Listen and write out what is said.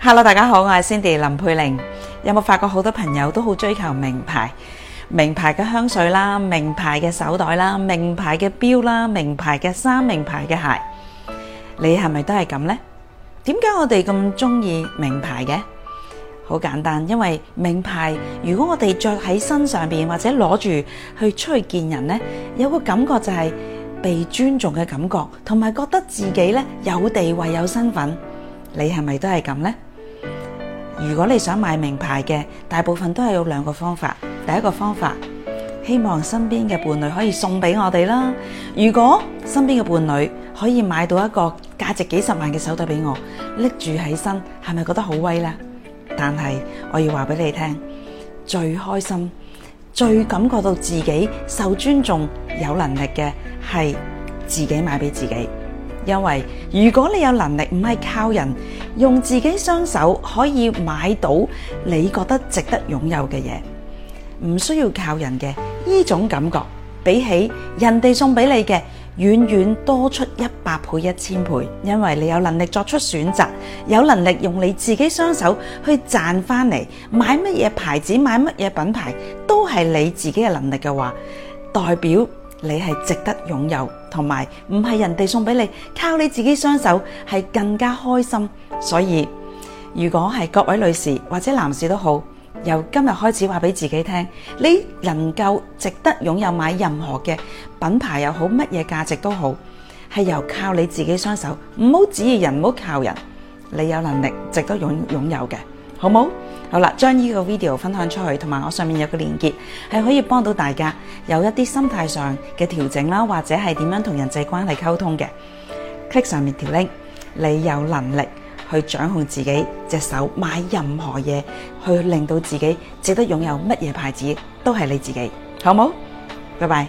Hello，大家好，我係 Cindy 林佩玲。有冇發覺好多朋友都好追求名牌？名牌嘅香水啦，名牌嘅手袋啦，名牌嘅錶啦，名牌嘅衫，名牌嘅鞋，你係咪都係咁呢？點解我哋咁中意名牌嘅？好簡單，因為名牌如果我哋着喺身上邊或者攞住去出去見人呢，有個感覺就係被尊重嘅感覺，同埋覺得自己呢有地位有身份。你係咪都係咁呢？如果你想買名牌嘅，大部分都係有兩個方法。第一個方法，希望身邊嘅伴侶可以送俾我哋啦。如果身邊嘅伴侶可以買到一個價值幾十萬嘅手袋俾我，拎住起身，係咪覺得好威呢？但係我要話俾你聽，最開心、最感覺到自己受尊重、有能力嘅，係自己買俾自己。因為如果你有能力唔係靠人，用自己雙手可以買到你覺得值得擁有嘅嘢，唔需要靠人嘅呢種感覺，比起人哋送俾你嘅，遠遠多出一百倍、一千倍。因為你有能力作出選擇，有能力用你自己雙手去賺翻嚟，買乜嘢牌子、買乜嘢品牌，都係你自己嘅能力嘅話，代表。你係值得擁有，同埋唔係人哋送俾你，靠你自己雙手係更加開心。所以如果係各位女士或者男士都好，由今日開始話俾自己聽，你能夠值得擁有買任何嘅品牌又好，乜嘢價值都好，係由靠你自己雙手，唔好指意人，唔好靠人，你有能力值得擁擁有嘅。好冇？好啦，將呢個 video 分享出去，同埋我上面有個鏈接，係可以幫到大家有一啲心態上嘅調整啦，或者係點樣同人際關係溝通嘅。Click 上面條 link，你有能力去掌控自己，隻手買任何嘢，去令到自己值得擁有乜嘢牌子，都係你自己。好冇？拜拜。